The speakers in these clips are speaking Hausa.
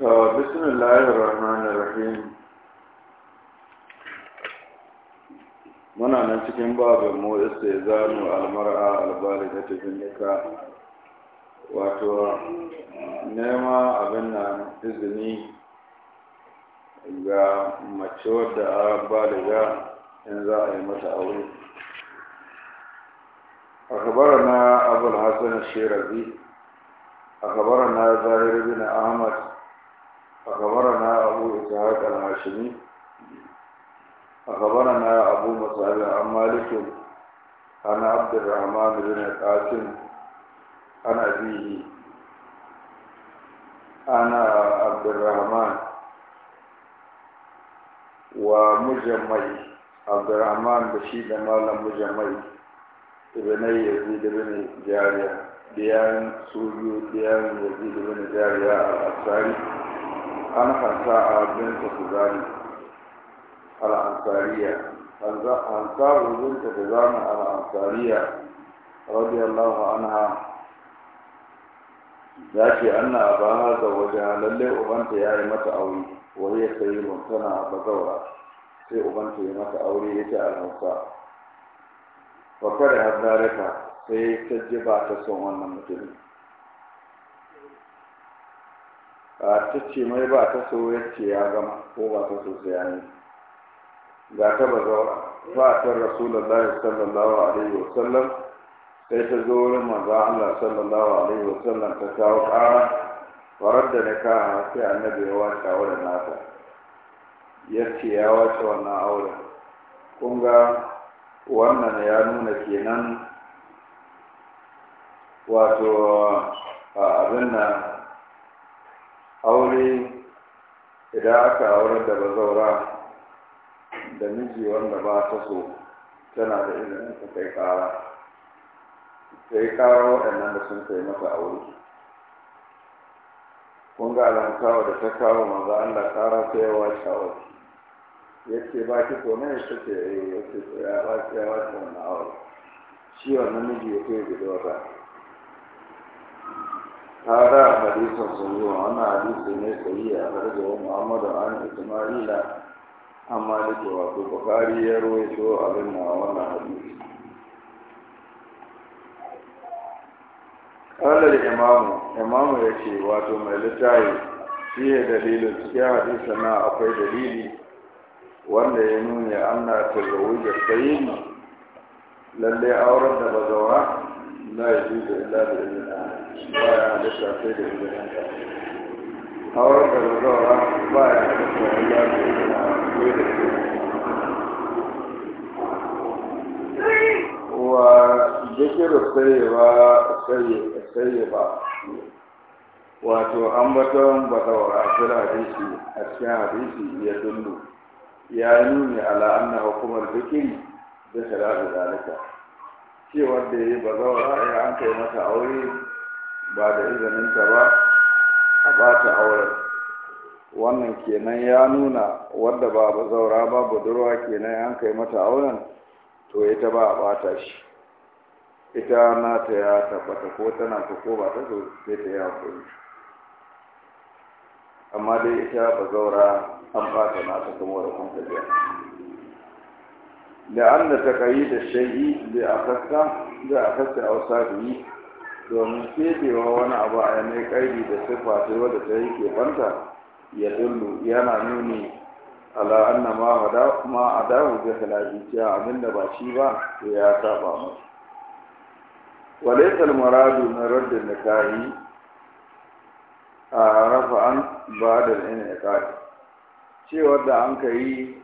بسم الله الرحمن الرحيم muna nan cikin babin mu istizanu almar'a albali da ta jinnika wato nema abin na izini ga mace wadda a baliga in za a yi mata aure أخبرنا أبو الحسن الشيرازي أخبرنا زاهر bin Ahmad. أخبرنا أبو إسحاق الهاشمي أخبرنا أبو مسعود عن مالك عن عبد الرحمن بن القاسم عن أبيه أنا عبد الرحمن ومجمعي عبد الرحمن بشيد مالا مجمعي ابن يزيد بن جارية ديان سوريو ديان يزيد بن جارية الأنصاري أنا حنساء عبدين تتزاني على أنصارية حنساء عبدين تتزاني على أنصارية رضي الله عنها ذاكي أن أباها زوجها للي أغنت يا إمة أوي وهي سيد سنة بزورة في أغنت إمة أوي يتا الحنساء فكره ذلك في تجبات سوان المتنين a ta ce mai ba ta so ya ce ya gama ko ba ta so sai an yi ga ta ba zaura ba ta rasulullahi sallallahu alaihi wa sallam sai ta zo wurin manzo Allah sallallahu alaihi wa sallam ta kawo ƙara farar da ka sai annabi ya wace auren nata ya ce ya wace wannan aure. kun ga wannan ya nuna kenan wato abin nan aure idan aka aurar da bazaura da miji wanda ba ta so tana da ilimin ta kai kara ta yi kara waɗannan da sun kai mata aure kun ga alamtawa da ta kawo maza Allah kara ta yawa shawar ya ce ba ki so ne ta ce ya ce eh. ya ba ki yawa shi wannan miji ya kai gudu wata هذا حديث صحيح وانا حديث ne sahihi a farko Muhammad an Isma'ila amma da ke wato Bukhari ya rawaito abin na wannan hadisi Kalar imamu, imamu ya ce wato mai littafi shi ne dalilin cikin hadisa na akwai dalili wanda ya nuna an na tarrawu da sayi lallai auren da bazawa لا يجوز إلا بإذن الله بايع لسا سيد بإذن الله أورد الزورة بايع لسا إلا بإذن الله وذكر السيبة السيبة wato ambaton bazawara fil hadisi a cikin hadisi ya dunnu ya nuni ala anna hukumar fikiri da shari'a da zalika cewa da ya yi bazawara ya an kai mata aure ba da izininta ba a ba ta auren wannan kenan ya nuna wadda ba bazaura ba budurwa kenan an kai mata auren to ita ba a bata shi ita na ta ya tabbata ko tana ko ba ta so sai ta yi kuri amma dai ita zaura an bata ta kuma da ta biya Da ta da تقييد الشيء بأخذته بأخذت أوصافه domin kebewa wani abu a yanayi kaidi da siffa ce wadda ta yi banta ya dullu yana nuni ala anna ma ma adahu bi khilafi abinda ba shi ba to ya saba masa walaysa al muradu min radd nikahi a rafa'an ba'da al inqadi cewa da an kai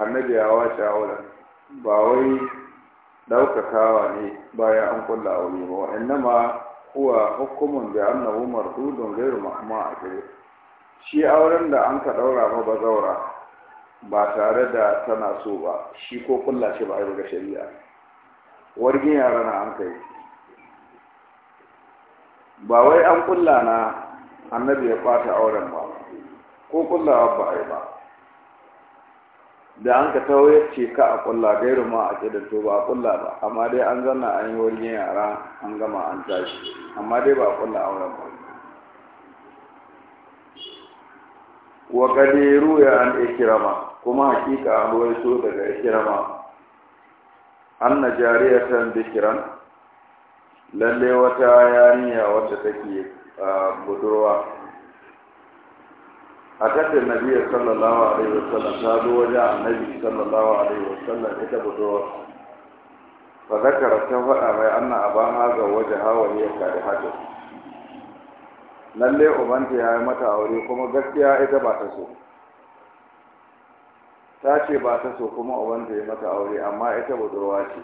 annabi ya wace auren ba wai daukatawa ne bayan an kulla aure ba wa'annama kuwa hukumun bi annahu mardudun a ma'ma'akil shi auren da an ka daura ma zaura ba tare da tana so ba shi ko kulla shi ba ai daga shari'a wargin yara na an kai ba wai an kulla na annabi ya bata auren ba ko kulla ba a yi ba da an ka tawo ya ce ka a kulla gairu ma a da to ba a kulla ba amma dai an zanna an yi wani yara an gama an tashi amma dai ba a kulla auren ba wa kadiru ya an ikirama kuma hakika an so daga ikirama an na jariyatan bikiran lalle wata yariya wadda take ah, budurwa a kasar nabiya sallallahu alaihi wasallam ta zo wajen annabi sallallahu alaihi wasallam ita ba zuwa ba zakara ta faɗa mai anna a ban haza waje hawa ne ya kare haka. lalle ubanta ya yi mata aure kuma gaskiya ita ba ta so ta ce ba ta so kuma ubanta ya yi mata aure amma ita budurwa ce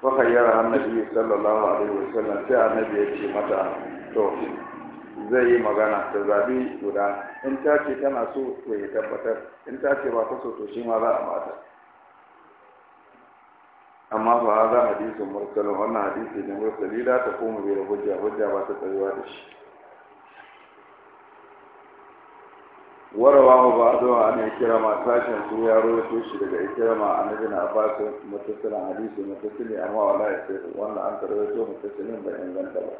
fa kayyara annabi sallallahu alaihi wasallam sai annabi ya ce mata to zai yi magana da zaɓi guda in ta ce tana so to ya tabbatar in ta ce ba ta so to shi ma za a bata amma ba a hada hadisin mursal wannan hadisi ne murtali da ta koma bai da hujja hujja ba ta tsayuwa da shi warawa ba zuwa an ma sashen su ya to shi daga ma a nabi na abbas mutasilin hadisi mutasili amma wala ya ce wannan an to mutasilin bai inganta ba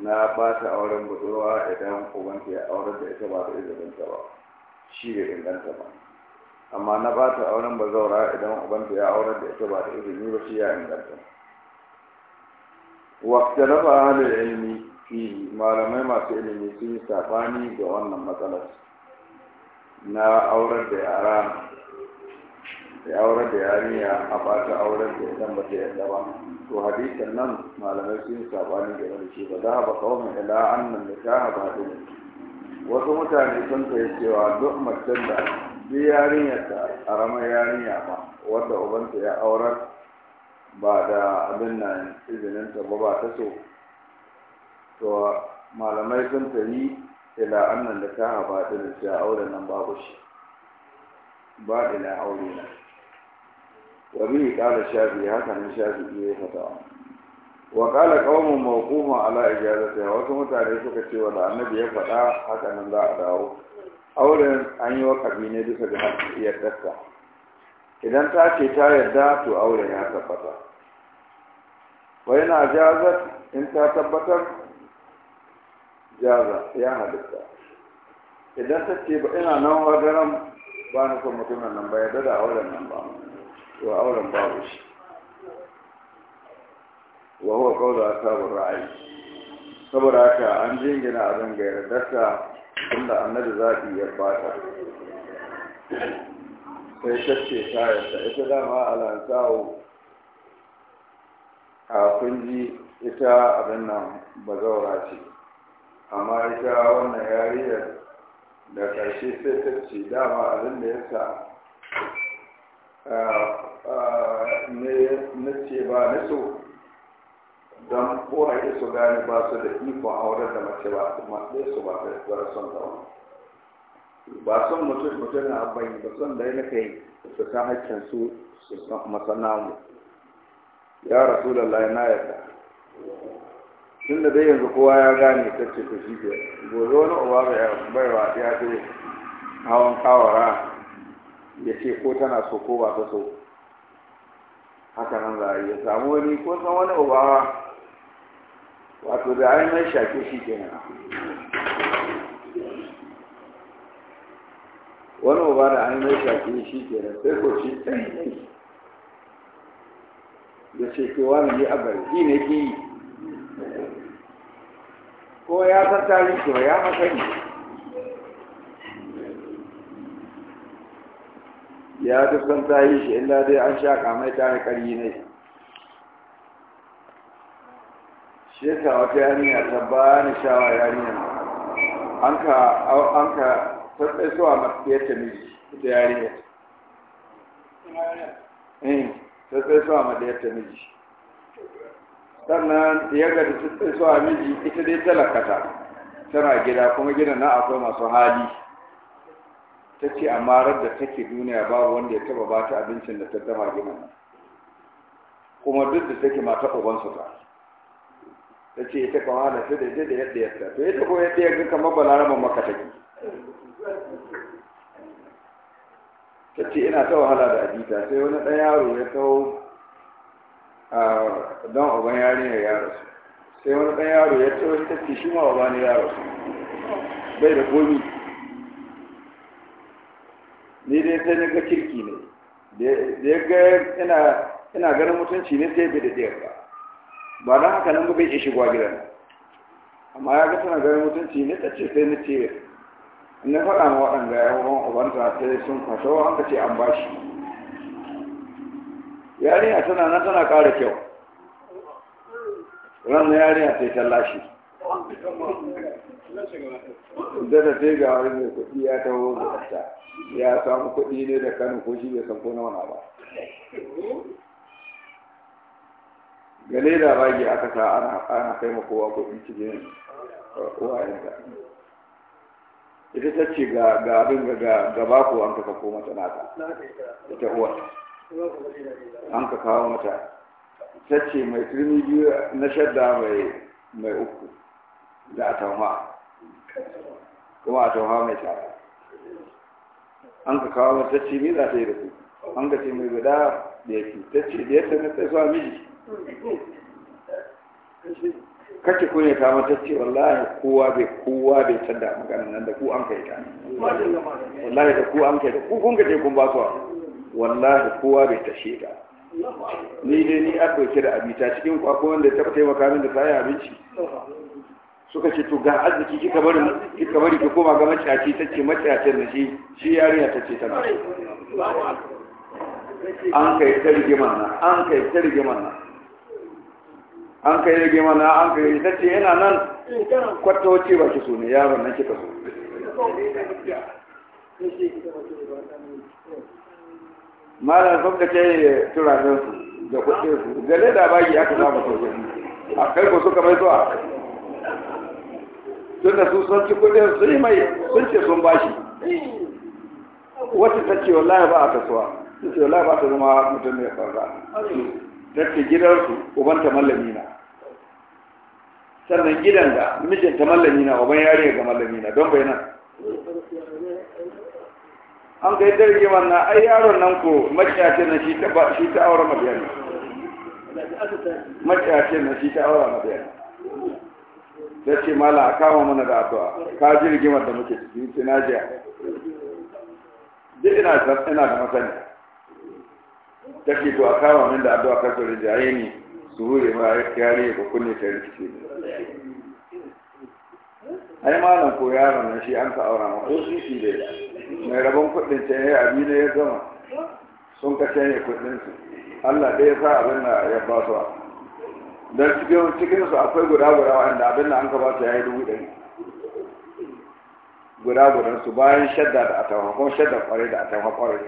na ɓata auren budurwa idan ubanta ya aure da ita ba da izininta ba shi bai inganta ba amma na ɓata auren bazaura idan ubanta ya aure da ita ba da izini ba shi ya inganta واختلف أهل العلم malamai masu لم sun yi في da wannan matsalar. na aurar da yara ya aurar da yarinya a ba ta aurar da idan ba ta yarda ba to hadisin nan malamai sun sabani da wani ce ba za ba kawai ila annan ta ba da wasu mutane sun kai cewa duk macen da duk yarinyar ta karamar yarinya ba wanda ubanta ya aurar ba da abin na izinin ta ba ba ta so to malamai sun tayi ila annan ta ba da a auren nan babu shi ba ila aure na وبه قال الشافعي هكذا الشافعي فتوى وقال قوم موقوف على اجازتها وكما تعرف كتي ولا النبي يفدا هكذا لا اداو auren an yi wa ne bisa ga yardarsa idan ta ce ta yarda to auren ya tabbata wai na jazar in ta tabbatar jaza ya halitta idan ta ce ba ina nan wa daren ba mutumin nan ba yarda da auren nan ba to auren babu shi wa huwa qawlu ashabur ra'ayi saboda haka an jingina abin ga yardarsa tunda annabi zaɓi ya bata sai shacce ta yarda ita dama alansawo a kunji ita abin nan bazaura ce amma ita wannan yariyar da ƙarshe sai ta ce dama abin da ya sa na ce ba na so don kowaye su gane ba su da ikon aurar da mace ba kuma ɗaya su ba ta zara son ta wani ba son mutum mutum na abai ba son da ya kai su san hakkin su su masana mu ya rasu da na yarda tun da dai yanzu kowa ya gane ta ce ta shi ke gobe wani uba bai wa ya ce hawan kawara ya ce ko tana so ko ba ta so haka nan za a yi samu wani ko san wani ubawa wato da ai mai shake shi kenan wani uba da ai mai shake shi kenan sai ko shi tsayi ne da ce ke wani yi a barki ne yi. ko ya san tarihi ko ya masani ya dukkan ta yi shi illa dai an sha kamai ta yi ƙari ne shi ta wata yarinya ta ba ni shawa yaniya an ka an ka tsatsai suwa matsayar ta miji ita yarinya eh tsatsai suwa matsayar ta miji sannan ya gada tsatsai suwa miji ita dai talakata tana gida kuma gida na akwai masu hali ta ce amma rar da take duniya babu wanda ya taba ba ta abincin da ta dafa gina kuma duk da take mata ubansu ta ta ce ita kama da ta da da yadda ya ta to ita ko yadda ya ga kamar balaraman maka take ta ce ina ta wahala da abita sai wani ɗan yaro ya kawo don uban ne ya rasu sai wani ɗan yaro ya ce wani tafi shi ma uban ne ya rasu bai da komi Daidai dai sai na ga kirki ne da ya ga ina ganin mutunci ne sai bai da ɗaya ba ba don haka nan bai iya shiga gidan amma ya ga tana ganin mutunci ne ta ce sai na ce na faɗa ma waɗanda ya ruwan ubanta sai sun kwaso an ka ce an bashi yarinya tana nan tana ƙara kyau ranar yarinya sai ta lashe da ta ga wani mai kuɗi ya taho da ta ya samu kuɗi ne da kanin ko shi bai san ko nawa ba gale da bagi aka sa ana kai ma kowa kuɗi cikin uh, uwayenta ita ta ce ga abin ga gaba ko an kafa ko mata nata ita uwa an ka kawo mata ta ce mai turmi biyu na shadda mai mai uku da atamha kuma atamha mai tara an ka kawo mata ce me za ta yi da ku an ka ce mai guda da yake ta ce da yadda na sai suwa miji kake kunya ta mata ce wallahi kowa bai kowa bai tada maganin nan da ku an kai ta wallahi da ku an kai ta ku kun ka ce kun ba su wallahi kowa bai tashe ta ni dai ni a ɗauke da abita cikin kwakwan da ta taimaka min da kayan abinci suka ce to ga arziki kika bari kika bari ki koma ga ta ce maciyacin da shi shi ta ce ta an kai ta rigima na an kai ta rigima na an kai rigima na an kai ta ce yana nan kwata wace ba ki so ne yaron nan kika so malam sun ce turaren su da kuɗin su gale da bagi aka samu sosai a kai ko suka mai zuwa tunda su sun ci kudin su yi mai sun ce sun bashi wata ta ce wallahi ba a kasuwa Sun ce wallahi ba ta zama mutum mai farza ta ce gidansu uban ta mallami na sannan gidan da mijin ta mallami na uban yare ga mallami na don bai nan an kai darge wannan ai yaron nan ko maciyacin na shi ta shi ta aure mabiyani maciyacin na shi ta aure mabiyani ya ce mala a kama mana da addu'a ka ji rigimar da muke ciki sai na jiya duk ina da ina da masani take to a kama min da addu'a ka tsore jaye ni su hure ma yare ko kunne ta rikice ai malam ko yaron nan shi an ka aura ma ko shi da mai rabon kuɗin ta yayi abi ne ya gama sun ka canye kuɗin su Allah ɗaya sa abin da ya ba su don cikin cikin su akwai guda guda wanda abin da an ka ba su yayi dubu ɗari guda guda su bayan shadda da atawa kuma shadda kwarai da atawa kwarai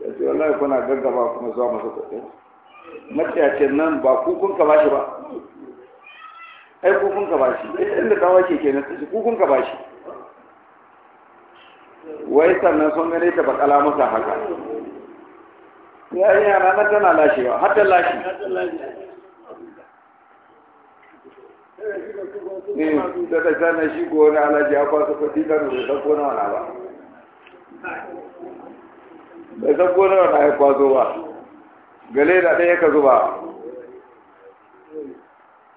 da ce wallahi kuna gaggaba kuma zuwa masu kuɗi matsayacin nan ba kukun ka bashi ba ai kukun ka bashi ita inda tawa ke kenan su ku kun ka bashi wai sannan sun gane ta bakala masa haka yarinya na tana lashewa har ta lashe ne da ta sana shi ko wani alaji ya kwasa da ta kona san ko nawa ba da ta kona nawa ya kwaso ba gale da ɗaya ka zuba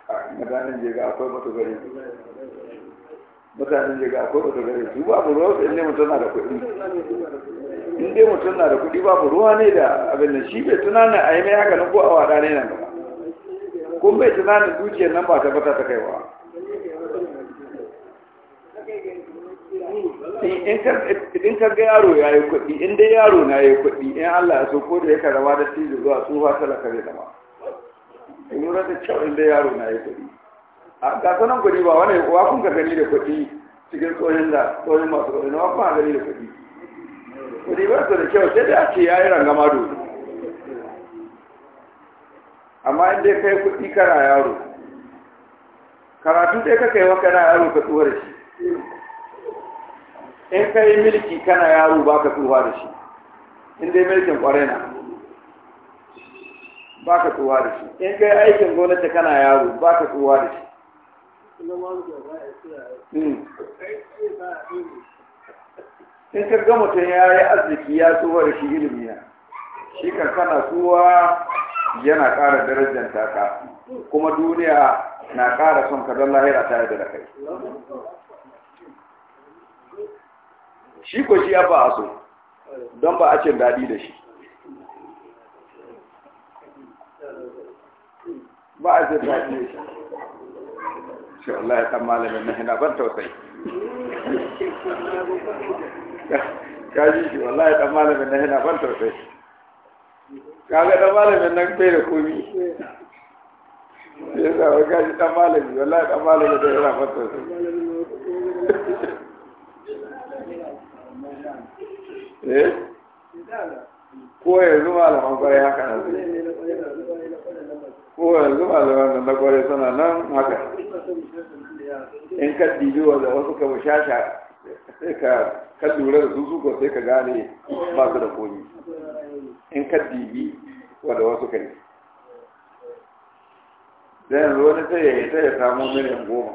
a mutanen akwai matukari mutanen da ga akwai wata gare su babu ruwa sai ne mutum na da kuɗi in dai mutum na da kuɗi babu ruwa ne da abin da shi bai tunanin a yi mai haka ko a wada ne nan gaba kun bai tunanin dukiyar nan ba ta bata ta kaiwa in ka ga yaro ya yi kuɗi in dai yaro na ya yi kuɗi in Allah ya so ko da ya karama da tijo zuwa tsufa talaka zai zama in yi rata kyau in dai yaro na ya yi kuɗi a ga sanan kuɗi ba wani wa kun ka gani da kuɗi cikin tsohon da tsohon masu kuɗi na kun gani da kuɗi kuɗi ba su da kyau sai dai a ce ya yi rangama dole amma in dai kai kuɗi kana yaro karatu dai ka kai wa yaro ka tsuwa da shi in ka yi milki kana yaro ba ka tsuwa da shi in dai milkin kwarai na ba ka tsuwa da shi in kai aikin gwamnati kana yaro ba ka tsuwa da shi in ka ga mutum ya yi arziki ya tsohuwa da shi ilimi ya shi kankana tsuwa yana ƙara darajar taka kuma duniya na ƙara son ka don lahira ta yadda da kai shi ko shi ya ba a so don ba a cin daɗi da shi ba a cin daɗi da shi ce ya san malamin na hina ban tausayi ka ji shi wallahi dan malamin na hina ban tausayi ka ga dan malamin nan bai da komi ya sa ka ji dan malami wallahi dan malamin da yana ban tausayi eh ko yanzu malamin kwarai haka nan ko yanzu malaman nan na kwarai suna nan haka in ka dibi wanda wasu ka mushasha sai ka ka lura da su ko sai ka gane ba su da komi in ka dibi wanda wasu ka ne dan yanzu wani sai ya yi ta hmm. ya samu miliyan goma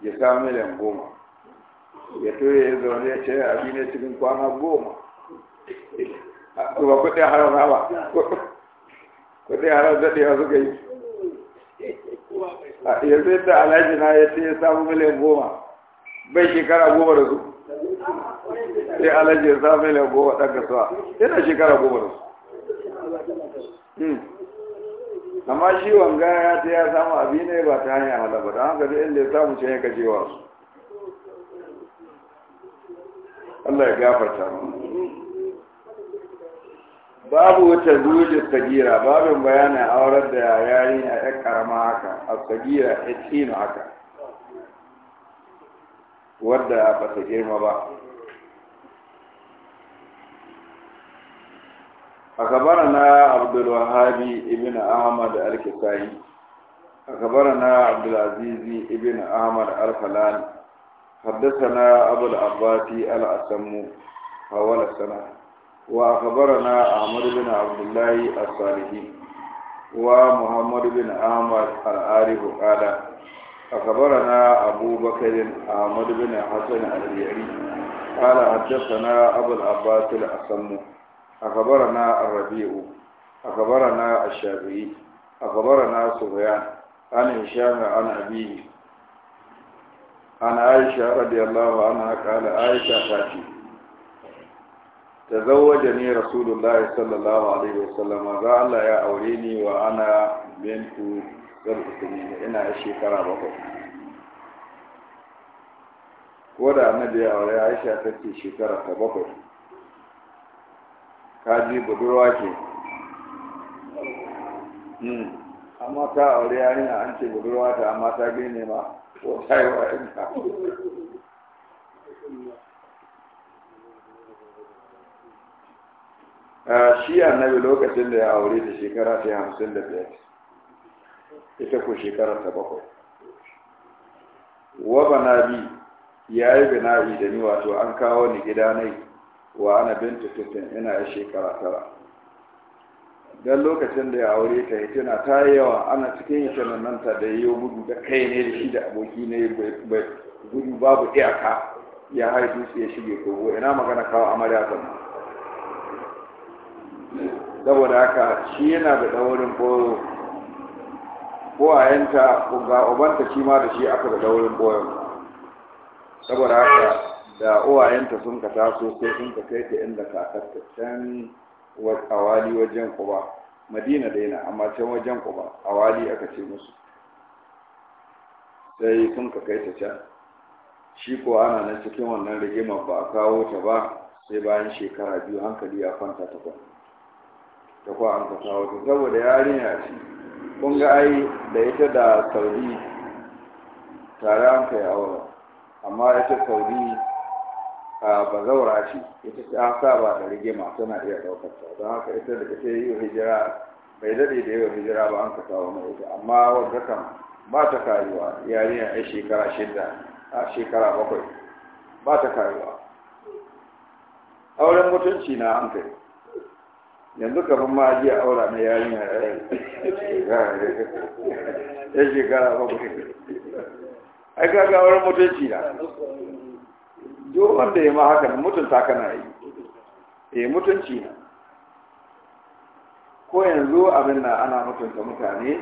ya samu miliyan goma ya to ya zaune ya ce abin ne cikin kwana goma ba kuɗin haram ba kuɗin haram daɗewa suka yi yanzu yadda alhaji na ya ce ya samu miliyan goma bai shekara goma da su sai ya samu miliyan goma ɗan kasuwa yana shekara goma da su amma shi wanga ya ce ya samu abi ne ba ta hanyar halaba don haka duk inda ya samu can ya kajewa su Allah ya gafarta mu babu wata ruje sagira babin bayanin aurar da yayi a ɗan ƙarama haka a sagira ya tsino haka wadda ba ta girma ba a gabara na abdulwahabi ibn ahmad al-kisai a gabara na abdulazizi ibn ahmad al-falani haddasa na abu al-abbasi al-asammu a wala sana'a وأخبرنا أحمد بن عبد الله الصالحي ومحمد بن أحمد العارف قال أخبرنا أبو بكر أحمد بن حسن الريعي قال حدثنا أبو العباس الأسم أخبرنا الربيع أخبرنا الشافعي أخبرنا سفيان عن هشام عن أبيه عن عائشة رضي الله عنها قال عائشة خاتي da zawaje ne rasulullahi sallallahu alaihi wasallam za Allah ya aure ni wa ana bintu zarfusini ina shekara bakwai ko da annabi ya aure aisha ta ce shekara ta bakwai kaji budurwa ke amma ta aure yarinya an ce budurwa ta amma ta gine ma ko ta yi wa'inta shi annabi lokacin da ya aure ta shekara ta hamsin da biyar ita ko shekara ta bakwai wa bi ya yi bi da ni wato an kawo ni gida nai wa ana binta tutun ina ya shekara tara don lokacin da ya aure ta hitina ta yi yawa ana cikin yake nan ta da yi gudu da kai ne da shi da aboki ne gudu babu iyaka ya haifu su ya shige kogo ina magana kawo amarya zama saboda haka shi yana da daurin boyo uwayenta ga ubanta shi ma da shi aka da daurin boyo saboda haka da uwayenta sun ka taso sai sun ka kai ta inda kakarta can awali wajen kuba madina daina amma can wajen kuba awali aka ce musu sai sun ka kai ta can shi ko ana nan cikin wannan rigimar ba a kawo ta ba sai bayan shekara biyu hankali ya kwanta ta kwanta da kuwa an ka kawo ta saboda yarinya ce kun ga ai da ita da saudi tare an kai aure amma ita saudi a bazaura ce ita ta saba da rigima tana iya ɗaukar ta don haka ita da ita yi hijira bai daɗe da yawan hijira ba an ka kawo ita amma wadda kan ba ta kayuwa yarinya ai shekara shida a shekara bakwai ba ta kayuwa auren mutunci na an kai yanzu kamar ma ajiya aura na yarinya eh, ya shekara bakwai ai kaga auren mutunci na duk wanda ya ma haka mutunta na yi ya eh, mutunci na ko yanzu abin na ana mutunta mutane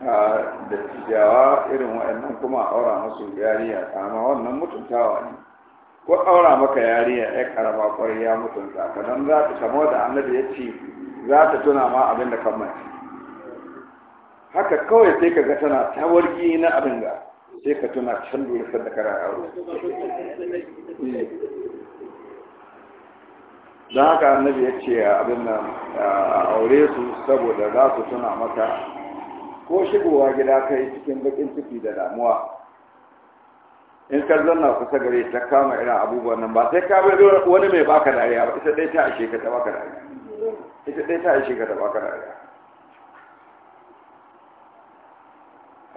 ah, da tijawa irin waɗannan kuma aura musu yariya kama wannan mutuntawa ne ko aura maka yariya ya karaba kwari ya mutunta ka dan za ta samu da annabi ya ce za ta tuna ma abin da kan mace haka kawai sai ka ga tana ta na abin da sai ka tuna can dole da kara yaro hmm. don haka annabi ya ce abin nan aure su saboda za su tuna maka ko shigowa gida kai cikin bakin ciki da damuwa in ka zanna kusa gare ta kama ina abubuwan nan ba sai ka bai wani mai baka dariya ba ita ɗaya ta ashe ka ta baka dariya ita ɗaya ta ashe ka ta baka dariya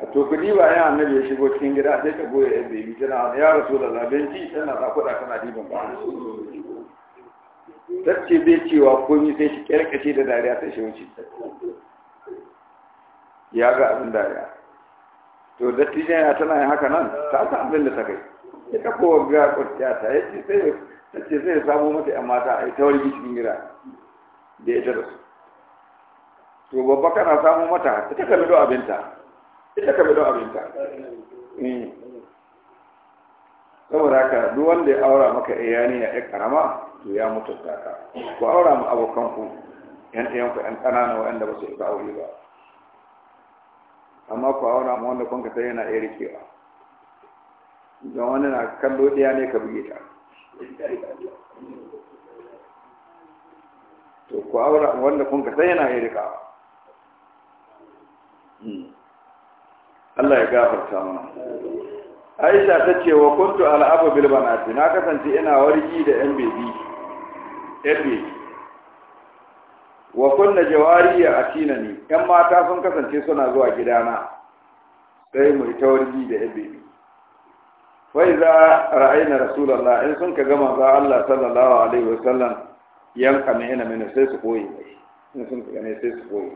a to kudi ba ya annabi ya shigo cikin gida sai ka goye yan bebi tana ya rasu da ci, tana za kuɗa kana diban ba ta ce bai cewa komi sai shi kyarkace da dariya sai shi wuce ya ga abin dariya to dattijan ya tana yin haka nan ta san abin da ta kai ya kafa wagga kwanciya ta ya ce sai ta ce sai ya samu mata yan mata a ita wani cikin gida da ya da su to babba kana samu mata ita ka bido abinta ita ka bido abinta eh. saboda haka duk wanda ya aura maka iyani ya karama to ya mutu ta ka ku aura ma abokan ku yan ɗayan ku yan ƙanana waɗanda ba su isa aure ba amma ku a wani wanda kun ta yana iya rikewa don wani na kallo ɗaya ne ka buge ta to ku aura wanda kun ta yana iya rikawa hmm. Allah ya gafarta mana Aisha ta ce wa kuntu al'abu bil banati na kasance ina wargi da yan bebi yan bebi wa kunna jawari ya atina ni yan mata sun kasance suna zuwa gidana sai mu ita wargi da yabe wa idza ra'ayna rasulullah in sun ka gama za Allah sallallahu alaihi wa sallam yanka ne ina mene sai su koyi in sun ka gane sai su koyi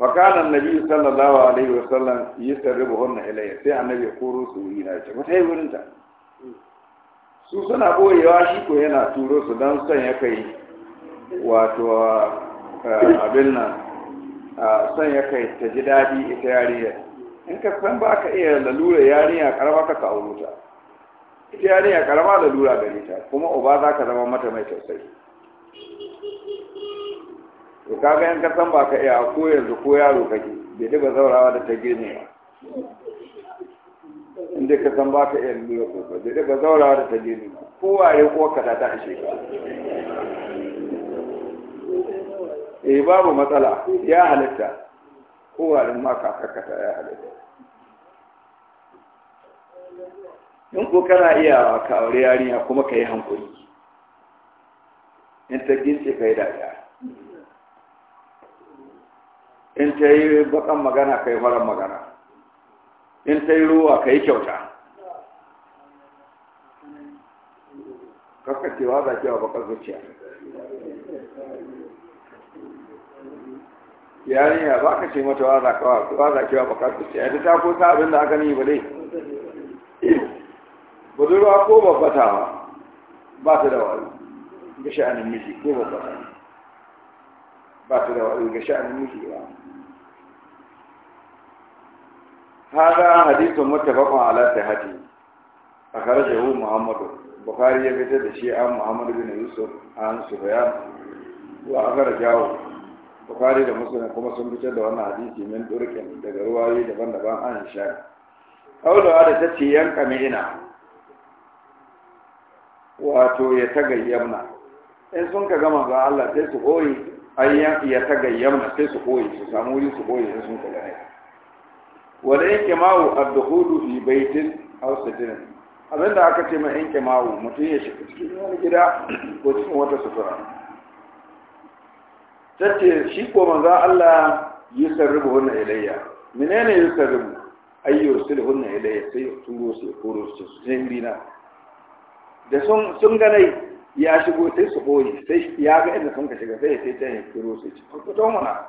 fa kana annabi sallallahu alaihi wa sallam yusarribuhunna ilayya sai annabi ya koro su yi na ce mutai wurin ta su suna koyewa shi ko yana turo su dan son ya kai wato eh, abin nan eh, son ya kai ta ji daɗi ita yariya in ka san ba ka iya lalura yariya karama ka ka auruta ita yariya karama lalura gare ta kuma uba za ka zama mata mai tausayi to kaga in ka san ba ka iya ko yanzu ko yaro kake bai duba zaurawa da ta girme ba in dai ka san ba ka iya lalura ko ba bai duba zaurawa da ta girme ba kowa ya ko ka ta ta ishe ka eh babu matsala ya halitta kowarin ma kakakata ya halitta in ko kana iya ka aure yarinya kuma ka yi hankuri in ta gince ka yi dariya in ta yi bakan magana ka yi magana in ta yi ruwa ka yi kyauta kakkacewa za ki wa bakar zuciya yarinya ba ka ce mata waza kawa waza kewa ba ce ta ko ta abin da aka ni ba dai budurwa ko babbata ba ba ta da wani ga sha'anin miji ko ba ta da wani ga sha'anin miji ba هذا حديث متفق على صحته أخرجه محمد البخاري يفتد شيئا محمد بن يوسف عن سفيان وأخرجه bukari da musulun kuma sun fitar da wannan hadisi min turkin daga ruwayi daban-daban an sha kaulawa da ta ce yanka mi'ina wato ya tagayyamna in sun ka gama ga Allah sai su koyi ayyan ya tagayyamna sai su koyi su samu wuri su koyi in sun ka gane wanda yake mawu ad fi baitin aw sitin abinda aka ce ma yanke mawu mutum ya shiga cikin wani gida ko cikin wata sutura tace shi ko manzo Allah yusarribu hunna ilayya menene yusarribu ay yursilu hunna ilayya sai turo su turo su sai dina da sun sun ganai ya shigo sai su boye sai ya ga inda sun ka shiga sai sai ta turo su ko to mana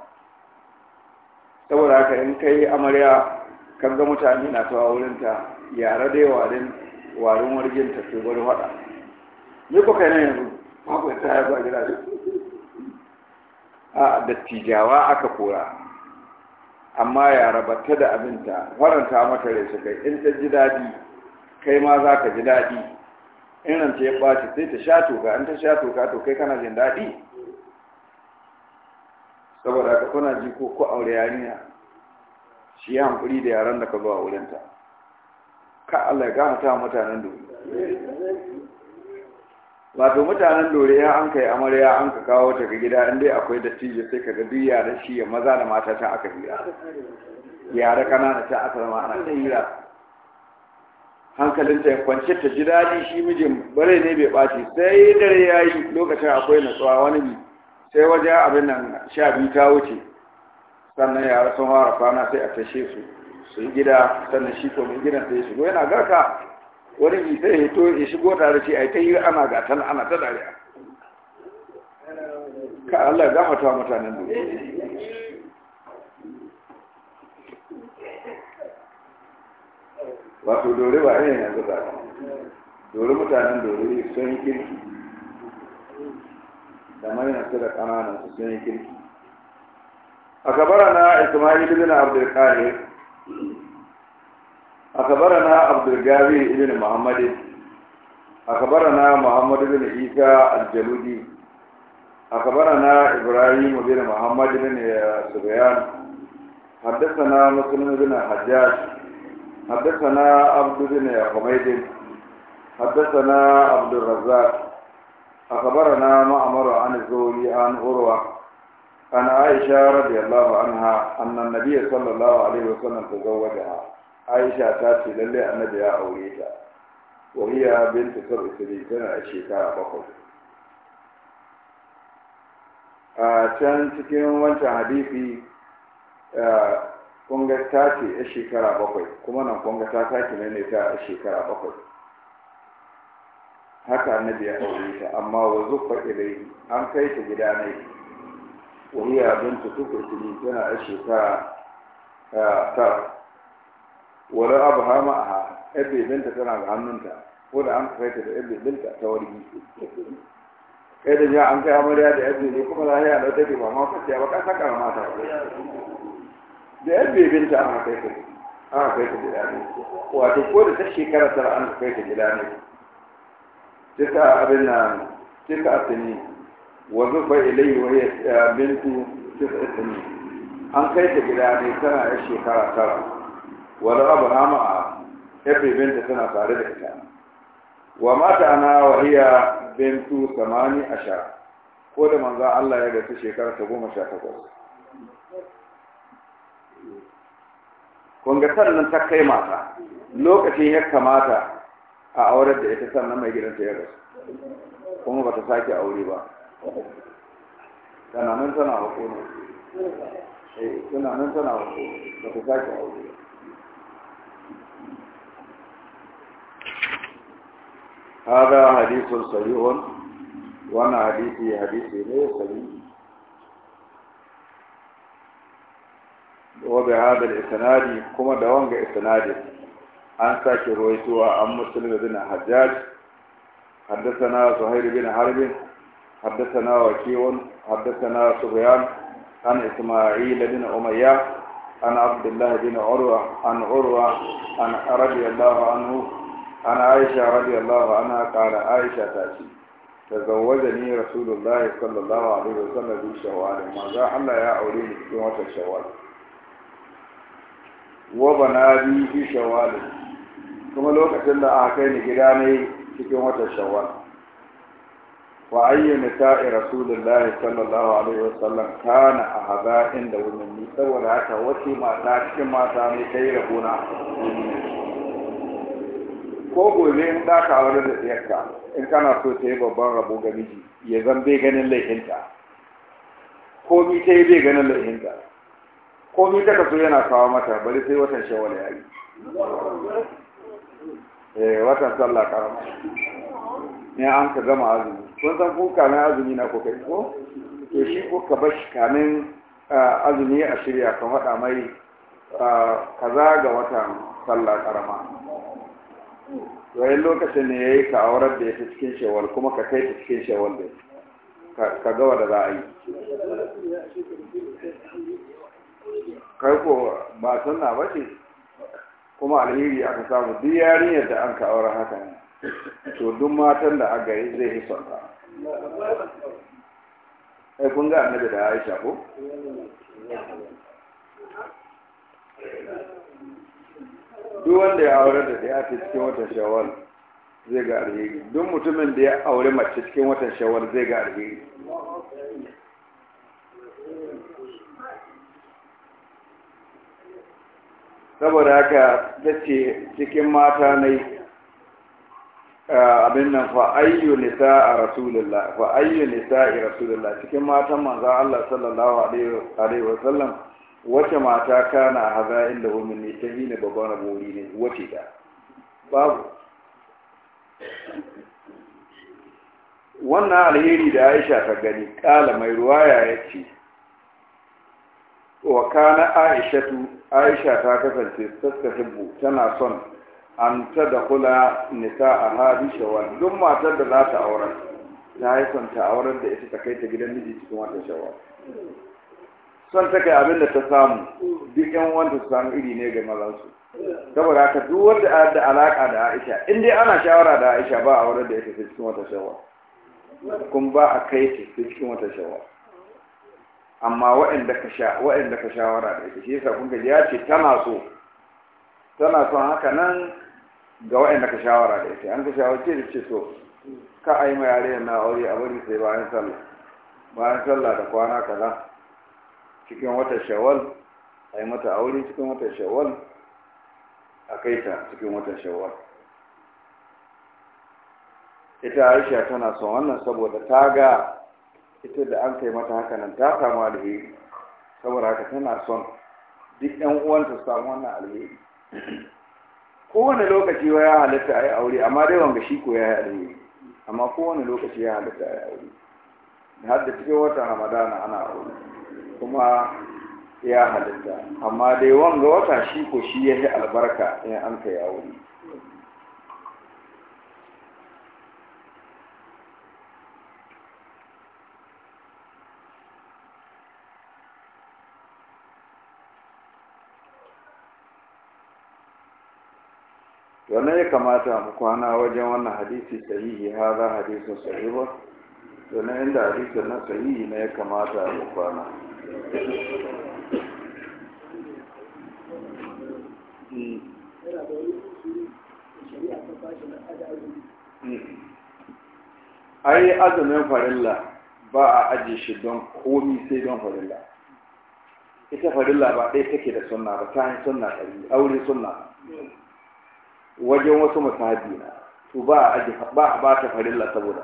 saboda haka in kai amarya kan ga mutane na tawa wurin ta yare da din warin warginta ta to bari hada ni ko kai ne yanzu ba ku ta ya ba gida a dattijawa aka kora amma ya bata da abinta faranta mata rai su kai in ta ji daɗi kai ma za ka ji daɗi in ranta ya ɓaci sai ta sha toka in ta sha toka to kai kana jin daɗi saboda ka kuna ji ko ko aure yarinya shi ya hankuri da yaran da ka zo a wurinta ka Allah ya gafata mutanen duniya wato mutanen dore ya an kai amarya an ka kawo ta gida in dai akwai dattijo sai ka ga duk shi ya maza da mata ta aka hira yara kanana ta aka zama ana ta hira hankalin ta ya kwance ta ji daɗi shi mijin bare ne bai ɓaci sai dare ya yi lokacin akwai natsuwa wani bi sai waje abin nan sha biyu ta wuce sannan yara sun fara kwana sai a tashe su su yi gida sannan shi ko mai gidan sai ya shigo yana garka wani mai ya heto ya shigo tare ce ai ta yi ana gatan ana ta dariya ka Allah ga fata mutanen da wato dore ba yanayin yanzu ba dore mutanen dore sun yi kirki da manyan su da kananan su sun yi kirki a kabara na ismail bin abdulkadir أخبرنا عبد الجابر بن محمد أخبرنا محمد بن عيسى الجلودي أخبرنا إبراهيم بن محمد بن سبيان حدثنا مسلم بن حجاج حدثنا عبد بن حميد حدثنا عبد الرزاق أخبرنا معمر عن الزهري عن عروة عن عائشة رضي الله عنها أن النبي صلى الله عليه وسلم تزوجها aisha ta ce lallai annabi ya aure ta wahiya bintu sab'isri tana a shekara bakwai a can cikin wancan hadisi kunga ta ce a shekara bakwai kuma nan kunga ta sake ne ta a shekara bakwai haka annabi ya aure ta amma wa zuffa ilai an kai ta gida ne wahiya bintu sab'isri tana a shekara ta ولا أبها معها أبي بنت سنة عمنتا ولا أنت فاتت أبي بنت توري إذا جاء أنت عمري هذا أبي لكم لا هي على ما تدي وما فتيا وكذا كان ما ترى أبي بنت أنا فاتت أنا فاتت إلى أبي وأتقول تشي كذا ترى أنت فاتت إلى أبي تسعة أبنا تسعة سنين وزف إليه وهي بنت تسعة سنين أنت فاتت إلى أبي سنة أشي كذا ترى wani abu hama a yafe binta tana tare da ita wa mata na wahiya bintu samani asha ko da manza Allah ya gasu shekara ta goma sha takwas kunga sannan ta kai mata lokacin ya kamata a aurar da ita sannan mai gidanta ya rasu kuma ba ta sake aure ba tana nan tana hukuna eh, tana nan tana hukuna ba ta sake aure ba هذا حديث صحيح وانا حديثي حديثي ليه صحيح وبهذا الاسناد كما دوان اسنادي an sake ruwaitowa عن مسلم بن حجاج حدثنا زهير بن حرب حدثنا وكيون حدثنا سفيان عن اسماعيل بن اميه عن عبد الله بن عروه عن عروه عن رضي الله عنه ana aisha radiyallahu ana qala aisha ta ce tazawwajani rasulullah sallallahu alaihi wasallam bi shawwal manzo Allah ya aure ni cikin watan shawwal wa banabi bi shawwal kuma lokacin da aka kai ni gida ne cikin watan shawwal wa ayyana ta'i rasulullah sallallahu alaihi wasallam kana ahaba inda wannan ni saboda haka wace mata cikin mata ne kai gona? ko gobe in da ka wani da tsayarka in kana so ta yi babban rabo ga miji ya zan bai ganin laifinta mi ta yi bai ganin laifinta komi ta kaso yana kawo mata bari sai watan shawar ya yi eh watan sallah karama ne an ka gama azumi kun san ku kamin azumi na ko kai ko to shi ko ka bashi kamin azumi a shirya kan faɗa mai kaza ga watan sallah karama wai lokacin ne ya yi ka aurar da ya fi cikin shawar kuma ka kai ta cikin shawar da ka gawa da za a yi kai ko ba sunna ba ce kuma alheri aka samu duk yarinyar da an ka haka ne to duk matan da aka yi zai yi son ai eh, kun ga annabi da Aisha ko duk wanda ya aure da ɗaya ta cikin watan shawar zai ga alheri duk mutumin da ya aure mace cikin watan shawar zai ga alheri saboda haka ta ce cikin mata na yi, abin nan fa'ayyu nisa a rasulullah fa'ayyu nisa a rasulullah cikin matan manzan Allah sallallahu alaihi wasallam wace mata kana haza inda wani ne ta hina babban ne wace da babu wannan alheri da aisha ta gani kala mai ruwaya ya ce wa kana aishatu aisha ta kasance taska hibbu tana son an ta da kula nisa a hadi shawar duk matar da za ta auren ta haifanta auren da ita ta kai ta gidan miji cikin wata shawar son ta kai abin da ta samu duk yan wanda su samu iri ne ga mazansu saboda haka duk wanda a da alaka da Aisha in dai ana shawara da Aisha ba a wurin da ita cikin wata shawa kun ba a kai ta cikin wata shawa amma waɗanda ka sha waɗanda ka shawara da ita shi yasa kun ga ya ce tana so tana son haka nan ga waɗanda ka shawara da ita an ka ce da ce so ka a yi ma yare na aure a bari sai bayan sallah bayan sallah da kwana kaza cikin watan shawwal a yi mata aure cikin watan shawwal a kai ta cikin watan shawwal ita aisha tana son wannan saboda ta ga ita da an kai mata haka nan ta samu alheri saboda haka tana son duk yan uwanta su samu wannan alheri kowane lokaci ya halatta a yi aure amma dai wanga shi ko ya yi alheri amma kowane lokaci ya halatta a yi aure har da cikin watan ramadana ana aure kuma ya halitta amma dai wanga wata shi ko shi ya yi albarka in an ka yawo wannan ya kamata mu kwana wajen wannan hadisi sahihi haza hadisin sahihi ba sannan inda hadisin na sahihi na ya kamata mu kwana Hmm. ai azumin farilla ba a ajiye shi don komi sai don farilla ita farilla ba ɗaya take da suna ba ta hanyar suna ɗari aure suna wajen wasu musabi na to ba a ba ta farilla saboda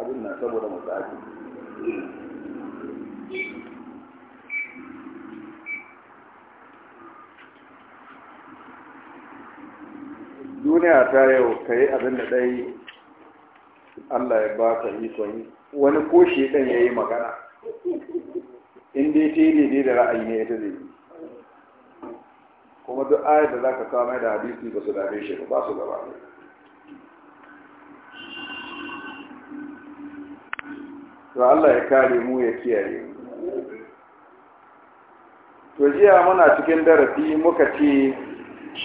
abin na saboda musabi duniya ta yau ka yi abin da ɗai allah ya ba ka ikon wani ko shi ɗan ya yi magana in dai ta yi daidai da ra'ayi ne ta zai kuma duk ayar da za ka kawo da hadisi ba su dame shi ba su gaba ne to allah ya kare mu ya kiyaye mu to jiya muna cikin darasi muka ce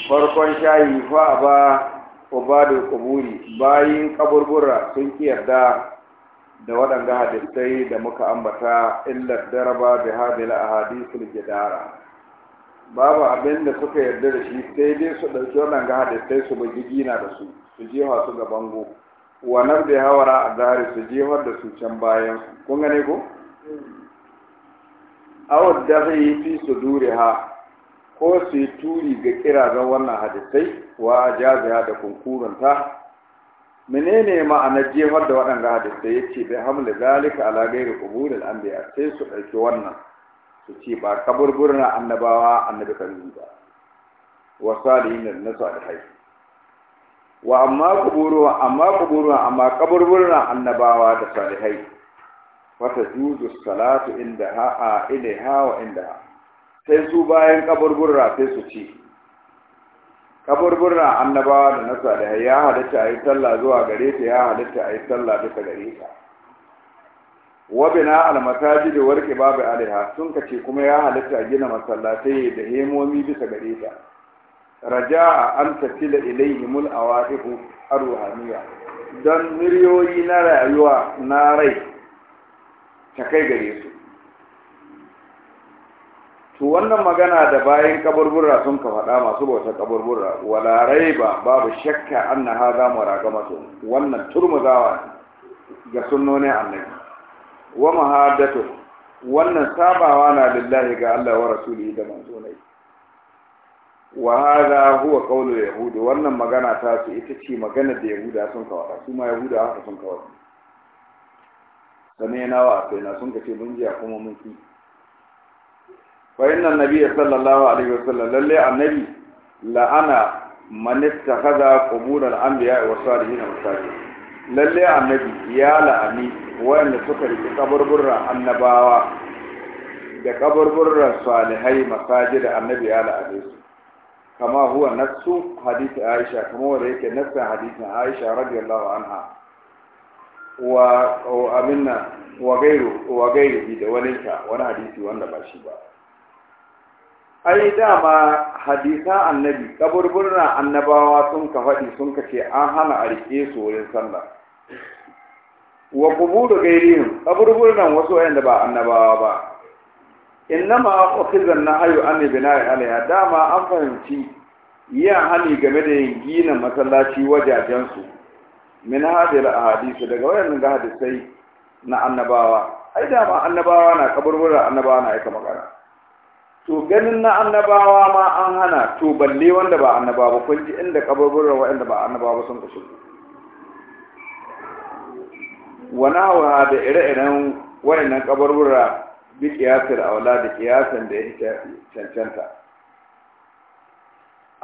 farkon shayi fa ba ubadul quburi bayin kaburbura sun ki yarda da waɗanda hadisai da muka ambata illar daraba bi hadil ahadithul jidara babu abin da suka yarda da shi sai dai su ɗauki waɗanda hadisai su bugi gina da su su jefa su ga bango wannan da hawara a zahari su jefar da su can bayan kun gane ko awad da zai yi fi su dure ha ko su yi turi ga kiraren wannan hadisai wa jaziya da kunkurunta menene ma'anar jefar da waɗanda hadisai ya ce bai hamla zalika ala gairi kuburin anbiya sai su ɗauki wannan su ce ba kaburburin annabawa annabi kan ba wa salihin da salihai wa amma kuburuwa amma kuburuwa amma kaburburin annabawa da salihai wata juzu salatu inda a ilaiha wa inda ha. sai su bayan kaburburra sai su ci kaburburra annabawa da nasa da ya halitta a yi sallah zuwa gare ta ya halitta a yi sallah duka gare ta wabina almasaji da warke babu aliha sun kace kuma ya halitta gina masallatai da hemomi bisa gare ta a an tattila ilaihimul awaqifu ruhaniya. don miliyoyi na rayuwa na rai ta kai gare su to wannan magana da bayan kaburbura sun ka faɗa masu bauta kaburbura wala raiba babu shakka anna raga muraqamatu wannan turmuzawa ga sunnonin annabi wa mahadatu wannan sabawa na lillahi ga Allah wa rasuli da manzo ne wa hada huwa qawlu yahudi wannan magana ta su ita ce magana da yahuda sun ka faɗa su ma yahuda haka sun ka faɗa sami yana wa sai na sun ka ce mun ji kuma mun ki fa inna nabiyya sallallahu alaihi wasallam lalle annabi la'ana man ittakhadha qubur al-anbiya wa salihin masajid lalle annabi ya la'ani wanda suka riki kaburburran annabawa da kaburburran salihai masajid annabi ya la'ani su kama huwa nassu hadith Aisha kama wanda yake nassan hadithin Aisha radiyallahu anha wa aminna wa gairu wa gairi da wani wani hadisi wanda ba shi ba ai dama hadisa annabi kaburburna annabawa sun ka faɗi sun ka ce an hana a riƙe su wurin sallah wa kuburu gairihim kaburburnan wasu wayanda ba annabawa ba na ukhizan annabi na bina'i alaiha dama an fahimci yin hani game da yin gina masallaci wajajen su min hadil ahadisi daga wayannan ga hadisai na annabawa ai dama annabawa na kaburburan annabawa na aika magana to ganin na annabawa ma an hana to balle wanda ba annabawa ba kun ji inda kaburburan waɗanda ba annabawa ba sun kusur wani hawa da ire-iren waɗannan kaburbura bi kiyasar aula da kiyasan da ya cancanta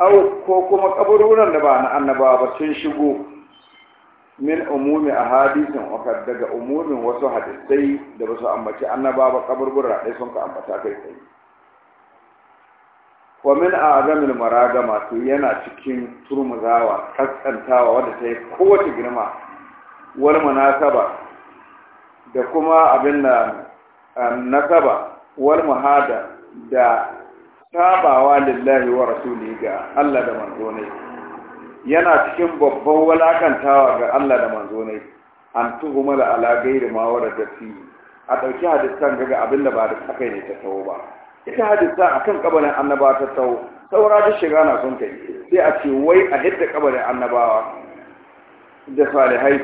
au ko kuma kaburburan da ba na annabawa ba sun shigo min umumi a hadisin wakar daga umumin wasu hadisai da ba su ambaci annabawa kaburbura ɗaya sun ka ambata kai tsaye wa min a'zamil maragama to yana cikin turmuzawa kaskantawa wadda ta yi kowace girma wal munasaba da kuma abin da um, nasaba wal muhada da sabawa lillahi wa rasuli ga Allah da manzo ne yana cikin babban walakantawa ga Allah da manzo ne an tuhuma ala gairi ma ta fi a ɗauki hadisan ga abin ba da sakai ne ta tawo ba ita hadisa akan kabarin annabawa ta tsawo saura da shiga na sun kai sai a ce wai a hidda kabarin annabawa da salihai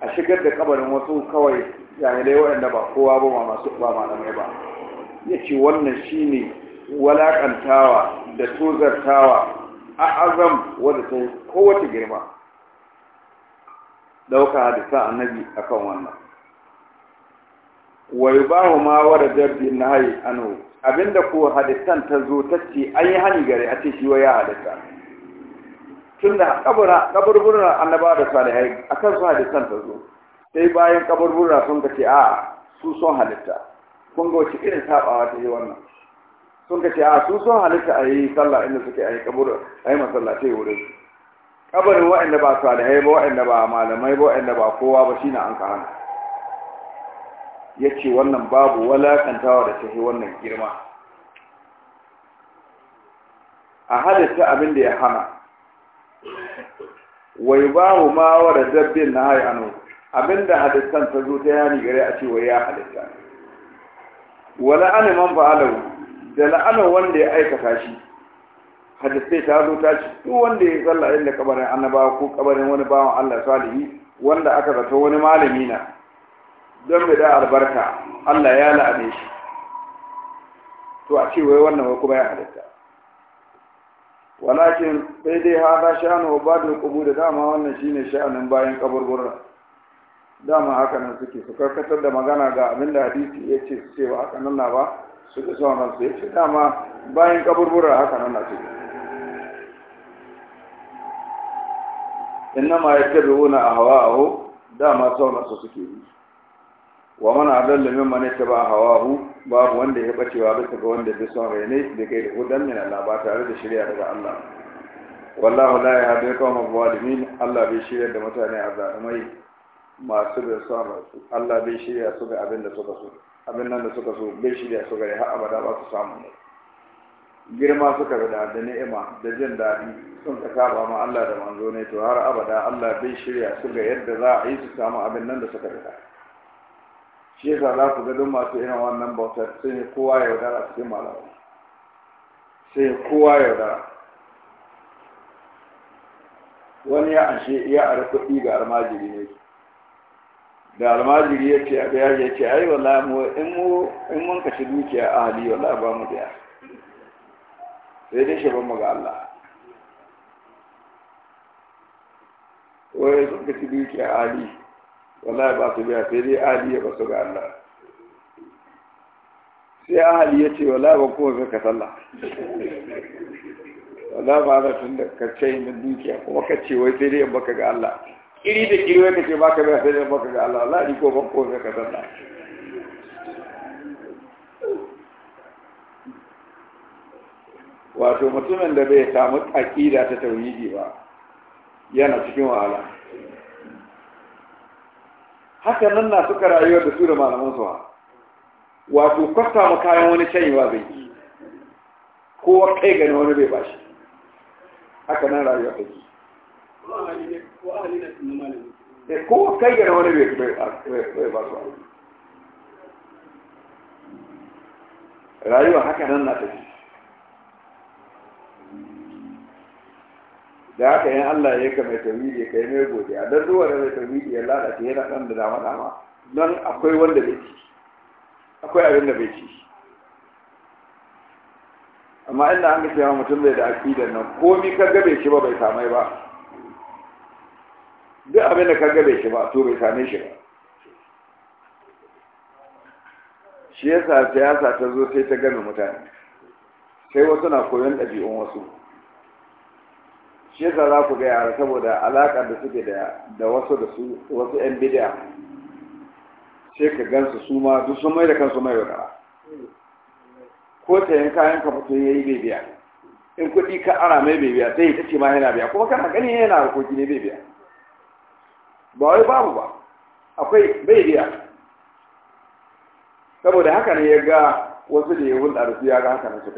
a shigar da kabarin wasu kawai jahilai waɗanda ba kowa ba masu ba malamai ba ya ce wannan shine walakantawa da tozartawa a azam wadda ta kowace girma ɗauka hadisa annabi akan wannan Wai wa yubahu ma warada na hayi anhu abinda ko hadisan ta zo ta ce an yi hani gare a ce shi wa ya tun da kabura kaburburan annaba da salihai akan su hadisan ta zo sai bayan kaburburan sun ka ce a su son halitta kun ga wace irin sabawa ta yi wannan sun ka a su son halitta a yi sallah inda suke a yi kabur a yi masallatai wurin kabarin wa'anda ba salihai ba wa'anda ba malamai ba wa'anda ba kowa ba shine an ka hana ya ce wannan babu walakantawa da ta wannan girma a halitta abin da ya hana wai babu ma wadda zabbin na haya ano abin da halittan ta zo ta yani gare a ce wai ya halitta wala ana man fa'alahu da la'ana wanda ya aikata shi hadisai ta zo ta ce duk wanda ya salla inda kabarin annabawa ko kabarin wani bawan Allah salihi wanda aka zata wani malami na don bai da albarka Allah ya la'ane shi to a ce wai wannan wai kuma ya halitta walakin sai dai hada sha'anu ubadul da dama wannan shine sha'anin bayan kaburbura dama haka nan suke su karkatar da magana ga abin da hadisi ya ce su ce ba haka nan na ba su ga son ransu ya ce dama bayan kaburbura haka nan na suke innama yattabi'una ahwa'ahu dama sauransu suke yi wa man adalla mimman ittaba hawahu babu wanda ya wa bisa ga wanda bi son raine da kai hudan min Allah ba tare da shirya daga Allah wallahu la yahdi qawma zalimin Allah bai shirya da mutane azalumai masu da son Allah bai shirya su ga abin da suka so abin nan da suka so bai shirya su ga har abada ba su samu girma suka da da ni'ima da jin daɗi sun ka saba ma Allah da manzo ne to har abada Allah bai shirya su ga yadda za a yi su samu abin nan da suka rika shi yasa za ku ga don masu irin wannan bautar sun yi kowa yaudara cikin malamai sai kowa yaudara wani ya anshe ya a rikudi ga almajiri ne da almajiri ya ce abu ya ce ai wala mu in in mun kashi dukiya a hali wallahi ba mu biya sai dai shaban mu ga Allah wai sun kashi dukiya a hali wallahi ba su biya sai dai ahli ya basu ga Allah sai Ali ya ce wallahi ba kowa ka sallah wallahi ba da tun da ka ce min dukiya kuma ka ce wai sai dai in baka ga Allah iri da kiri wai ce baka biya sai dai in baka ga Allah wallahi ko ban kowa ka sallah wato mutumin da bai samu aƙida ta tauhidi ba yana cikin wahala haka nan na suka rayuwa da su da malaman su wato kwasta ma kayan wani canyewa bai yi kowa kai gani wani bai bashi haka nan rayuwa ta yi eh, kowa kai gani wani bai ba su rayuwa haka nan na tafi da haka yan Allah ya ka mai ya kai mai a dan zuwa da mai tauhidi ya lalace yana ɗan da dama dama Don akwai wanda bai ci akwai abin da bai ci amma inda an ga ma mutum bai da aqidar nan komi ka ga bai ci ba bai samai ba duk abin da ka ga bai ci ba to bai same shi ba shi yasa siyasa ta zo sai ta game mutane sai wasu na koyon ɗabi'un wasu shi yasa za ku ga yara saboda alaƙa da suke da wasu da su wasu yan bidiya sai ka gansu su ma duk sun mai da kansu mai wadara ko ta yin kayan ka fito ya yi bebiya in kuɗi ka ara mai bebiya sai ita ce ma yana biya kuma kana gani yana harkoki ne bebiya ba wai babu ba akwai bai saboda haka ne ya ga wasu da ya hulɗa da su ya ga haka na su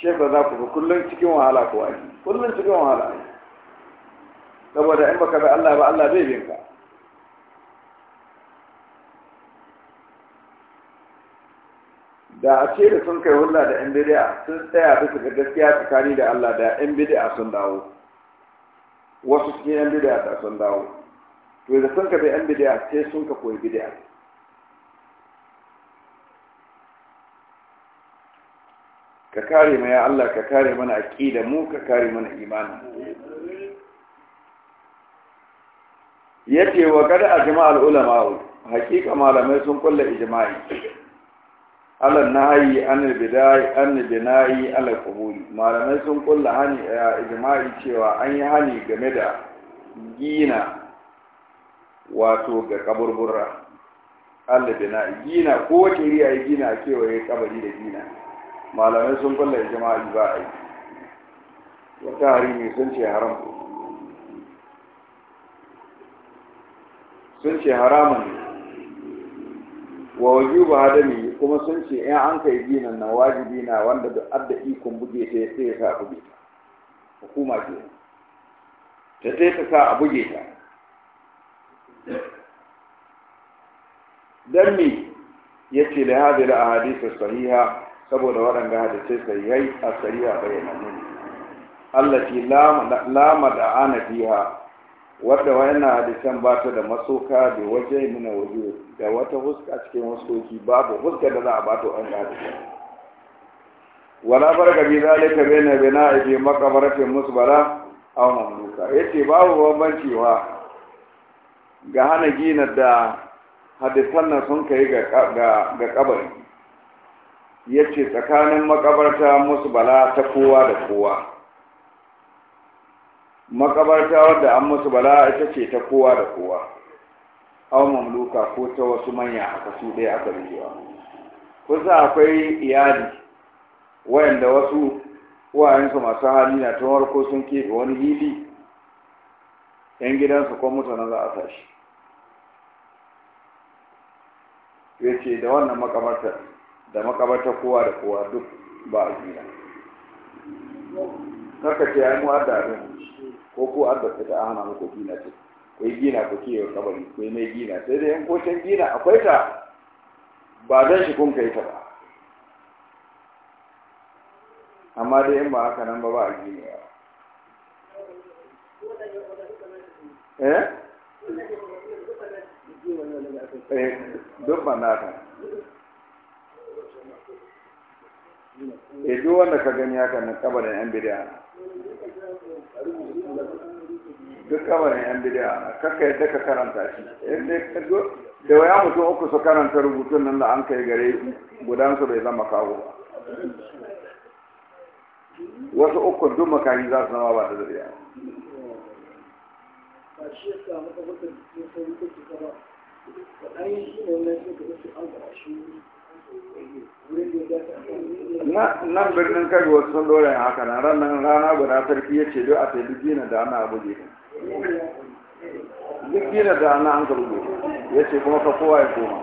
shekwa za ku fi kullum cikin wahala ko ake kullum cikin wahala saboda in baka bi Allah ba Allah bai binka da a ce da sun kai hulɗa da yan bidiya sun tsaya bisa ga gaskiya tsakani da Allah da yan bidiya sun dawo wasu cikin yan bid'a sun dawo to da sun ka bi yan bid'a sai sun ka koyi bidiya ka kare mu ya Allah ka kare mana aqida mu ka kare mana imani yace wa kada ajma'al ulama hakika malamai sun kulla ijma'i ala nahi an bidai an binayi ala qabul malamai sun kulla hani eh, ijma'i cewa an yi hani game da gina wato ga kaburburra Allah bina gina ko wace riya gina kewaye kabari da gina malamai sun kulle jama'a ba a yi wata hari ne sun ce haram sun ce haramun wa waju ba ne kuma sun ce in an kai dinan na wajibi na wanda da adda ikon buge ta sai ya sa buge ta hukuma ce ta sai ta sa a buge ta dan me ce da hadira ahadithu sahiha saboda waɗanda sai sayyai a sariya bayyanannu Allah allati lama da ana biya wadda wayannan hadisan ba ta da masoka da waje mina waje da wata huska cikin wasoki babu huska da za a bata wa'annan hadisan wala barka bi zalika baina bina'i bi maqbarati musbara aw mamluka yace babu wa. ga hana gina da hadisan nan sun kai ga ga kabari ya ce tsakanin makabarta musu bala ta kowa da kowa makabarta wadda an musu bala ita ce ta kowa da kowa au mamluka ko ta wasu manya aka su ɗaya aka rujewa kusa akwai iyali wayanda wasu uwayensu masu hali na tun harko sun keɓe wani hili yan gidansu ko mutanen za a tashi ya ce da wannan makabartar da makabata kowa da kowa duk ba a gina kaka ce ya mu da abin ko ko da ta hana muku gina ce ko yi gina ku yau kabari ko yi mai gina sai dai yan kocin gina akwai ta ba zan shi kun kai ta ba amma dai in ba haka nan ba ba a gina ya eh? eh duk ba na kan eh duk wanda ka gani haka na kabarin yan bid'a duk kabarin yan bid'a kaka yadda ka karanta shi da waya mutum uku su karanta rubutun nan da an kai gare gudansu bai zama kawo ba wasu uku duk makani za su zama ba da zuriya ba nan birnin kai wasu sun dole haka nan ranar rana guda sarki ya ce a sai duk gina da ana abu ne duk gina da ana an karbo ya ce kuma ka kowa ya koma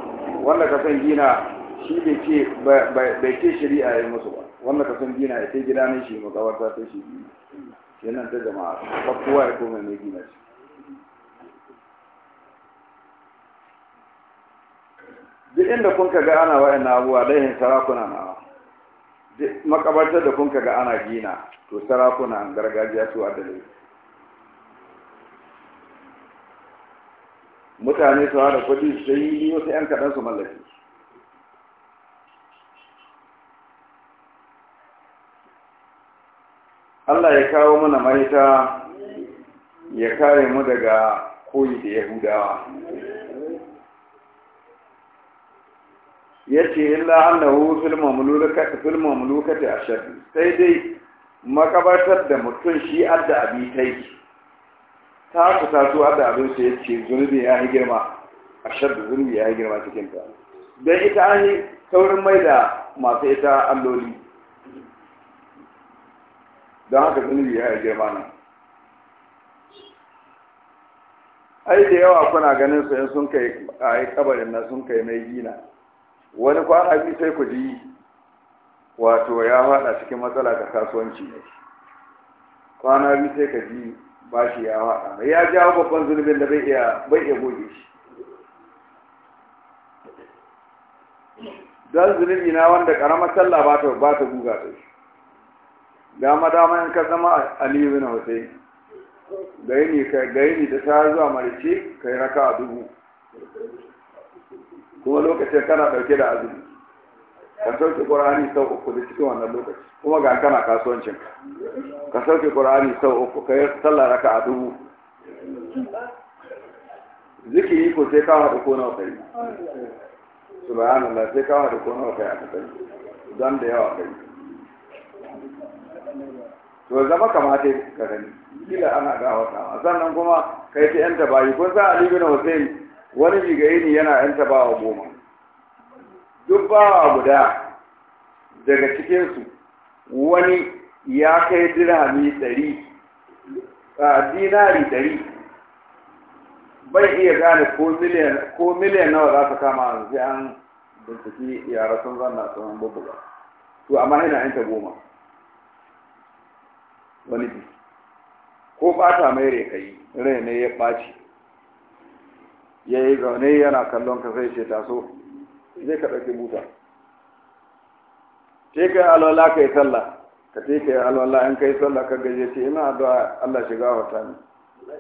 wanda ka san gina shi bai ce bai ce shari'a ya yi musu ba wanda ka san gina ya ce gida ne shi kawar ta shi gina nan ta jama'a ka kowa ya koma mai gina shi duk inda kun ka ga ana wa'annan abubuwa ɗayan sarakuna na makabartar da kun ga ana gina to sarakuna gargajiya su a dalili mutane su hada kuɗi su yi wasu 'yan kaɗan su mallaki Allah ya kawo mana ta, ya kare mu daga koyi da Yahudawa. yace illa annahu fil mamluka fil ta ashad sai dai makabartar da mutum shi adda abi tai ta ku ta su adda abin sai yace zunubi ya yi girma ashad zunubi ya yi girma cikin ta dan ita an yi saurin mai da masu ita alloli dan haka zunubi ya yi girma nan ai da yawa kuna ganin su sun kai a kabarin na sun kai mai gina wani kwana biyu sai ku ji wato ya fada cikin matsala ta kasuwanci ne kwana bi sai ka ji ba shi ya faɗa ya jawo babban zunubin da bai iya bai iya goge shi don zunubi na wanda karamar sallah ba ta ba ta guga ta shi dama dama in ka zama aliyu bin hussein gaini da ta zuwa marice kai raka a dubu kuma lokacin kana ɗauke da azumi ka sauke ƙur'ani sau uku da cikin wannan lokaci kuma ga kana kasuwancin ka sauke ƙur'ani sau uku ka yi sallah raka a dubu zikiri ko sai kawo da kona kai subhanallah sai kawo da kona kai a kai don da yawa kai to zama kamata ka gani kila ana gawa ta sannan kuma kai ta yanta bayi ko sa ali bin husaini wani jigayi yana yanta a goma duk a guda daga cikinsu wani ya kai dirhami ɗari a dinari ɗari bai iya gane ko miliyan nawa za ta kama zai an bincike yara sun zanna sun bubbuga to amma yana yanta goma wani ko ko ta mai rai kai rai ne ya ɓaci ya yi zaune yana kallon ka sai sheta taso zai ka ɗauki buta ce ka yi alwala ka yi sallah ka ce ka yi alwala in ka yi sallah ka gaje ce ina addu'a Allah shiga wa ne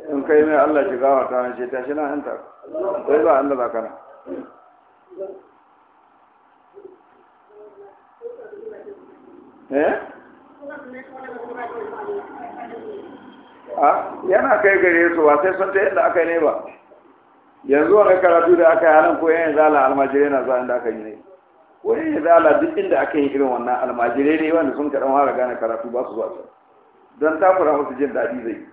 in ka yi mai Allah shiga wata ne ce shi na hanta sai ba Allah za kana eh a ah, yana kai gare su ba sai sun ta yadda aka yi ne ba yanzu wani karatu da aka yi halin ko yanzu zala almajirai na zuwa da aka yi ne wani yanzu zala duk inda aka yi irin wannan almajirai ne wanda sun kaɗan fara gane karatu ba su zuwa can don takura musu jin daɗi zai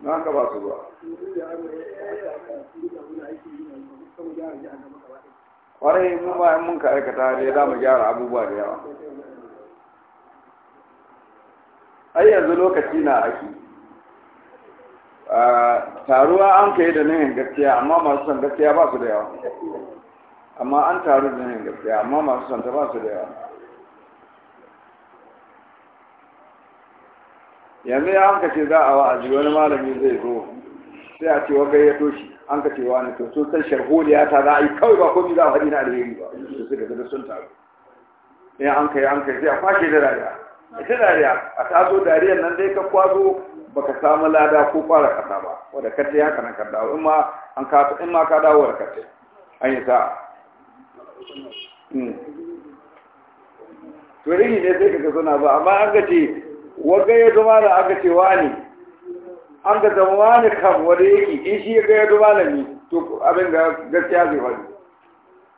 na haka ba su zuwa kwarai mu ba mun ka aikata ne za mu gyara abubuwa da yawa ai yanzu lokaci na aiki. taruwa an kai da nihin gaskiya amma masu son gaskiya ba su da yawa amma an taru da nihin gaskiya amma masu son ta ba su da yawa yanzu ya an kace za a wa'azi wani malami zai zo sai a cewa gayyato shi an kace ne to sun san ya ta za a yi kawai ba komai za a faɗi na alheri ba su suka ga sun taru in an kai an kai sai a kwashe da dariya ita dariya a taso dariyar nan dai ka kwazo baka samu lada ko kwara kasa ba wanda ka ya kana nan in ma an ka in ma ka dawo da ta an yi sa hmm. to rini ne sai ka suna ba amma an ga ce ya zama da an ga ce wani an ga zama wani kam wanda yake in shi ga ya zama da ni to abin ga gaskiya zai wani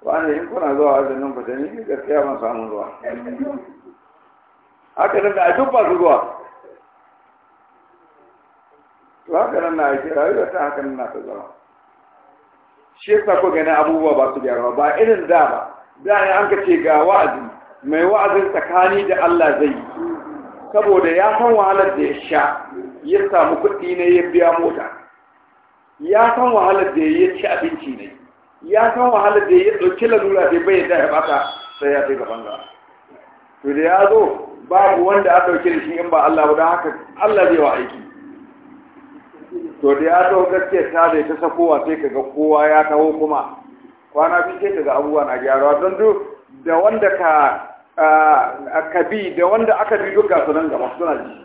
wani in kuna zuwa wajen nan ku ta ni gaskiya ban samu zuwa haka nan da a duk ba su zuwa to nan na yake rayuwa ta haka nan na ta zama shi yasa ko ganin abubuwa ba su gyara ba irin da ba da ne an ka ce ga wa'azi mai wa'azin tsakani da Allah zai yi saboda ya san wahalar da ya sha ya samu kuɗi ne ya biya mota ya san wahalar da ya ci abinci ne ya san wahalar da ya ɗauki lalura da bai da ya bata sai ya kai gaban ga to da ya zo babu wanda a ɗauke da shi in ba Allah ba don haka Allah zai wa aiki to da ya taho gaske ta da ta sakowa sai kaga kowa ya taho kuma kwana biyu sai kaga abubuwa na gyarawa don duk da wanda ka ka bi da wanda aka bi duk gasu nan gaba suna ji